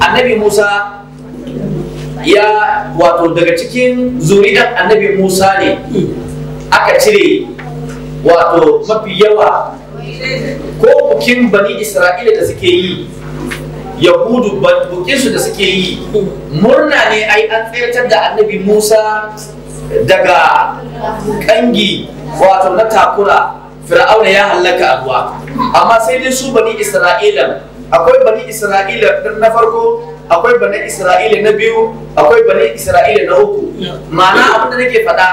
annabi musa ya wato daga cikin zuri'an annabi musa ne aka cire wato mafi yawa ko bukin bani isra'ila da suke yi yahudu bukinsu da suke yi murna ne ai an tsayatar da annabi musa daga kangi wato na takura fir'auna ya hallaka abuwa amma sai dai su bani isra'ila akwai bani isra'ila na farko akwai bani isra'ila na biyu akwai bani isra'ila na uku ma'ana abinda nake faɗa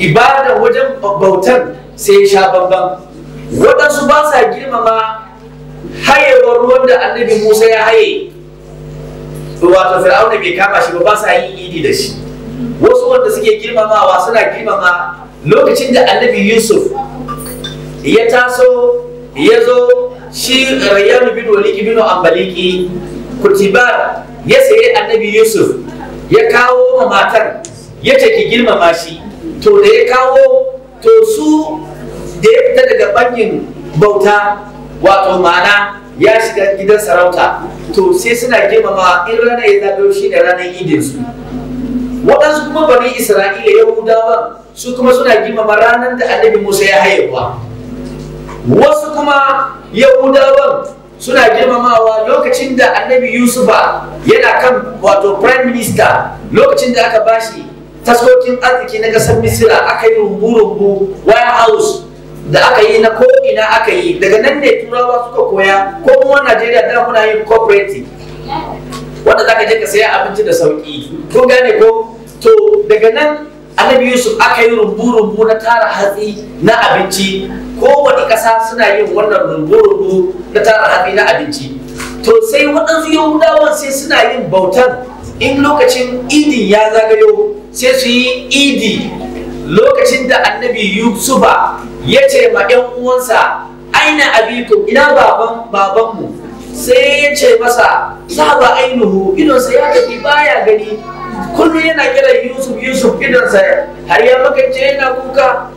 ibada wajen bautan sai ya sha bambam waɗansu ba sa girmama hayewar ruwan da annabi musa ya haye wato fir'auna bai kama shi ba ba sa yin idi da shi wasu wanda suke girmamawa suna girmama lokacin da annabi yusuf ya taso ya zo shi rayyan bin walid bin ambaliki kutibar ya sayi annabi yusuf ya kawo ma matar ya ce ki girmama shi to da ya kawo to su da ya fita daga bangin bauta wato ma'ana ya shiga gidan sarauta to sai suna girmama in rana ya zagayo shi da ranar su waɗansu kuma bani isra'ila yahudawa su kuma suna girmama ranar da annabi musa ya haihuwa wasu kuma yahudawan suna girmamawa lokacin da annabi yusufa yana kan wato prime minister lokacin da aka bashi taskokin arziki na kasar misira aka yi rumbu-rumbu white house da aka yi na ko'ina aka yi daga nan ne turawa suka koya ko kuma najeriya ta kuna yin cooperative wanda za ka je ka saya abinci da sauki ko gane ko to daga nan annabi yusuf aka yi rumbu-rumbu na tara hatsi na abinci kowane ƙasa suna yin wannan rungu-rungu na tara hatsi na abinci to sai waɗansu yahudawan sai suna yin bautar in lokacin idin ya zagayo sai su yi idi lokacin da annabi yusufa ya ce ma 'yan uwansa aina abiku ina baban babanmu sai ya ce masa saba ainihu idonsa ya tafi baya gani kullum yana kiran yusuf yusuf idonsa har ya makance yana kuka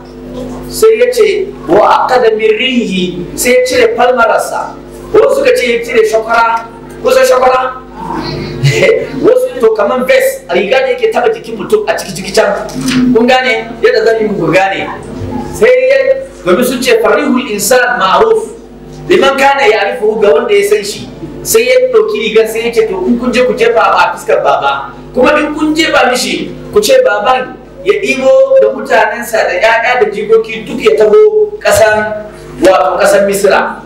sai ya ce wa aka da mirihi sai ya cire falmararsa wasu suka ce ya cire shakwara kusan shakwara wasu to kamar bes a riga da yake taba jikin mutum a ciki ciki can kun gane yadda zan yi ku gane sai ya gami sun ce farihul insan ma'ruf liman kana ya arifu ga wanda ya san shi sai ya ɗauki rigar sai ya ce to kun je ku jefa ba a fuskar baba kuma in kun jefa mishi ku ce baban ya ɗibo da mutanensa da 'ya'ya da jikoki duk ya taho ƙasan wato ƙasar misira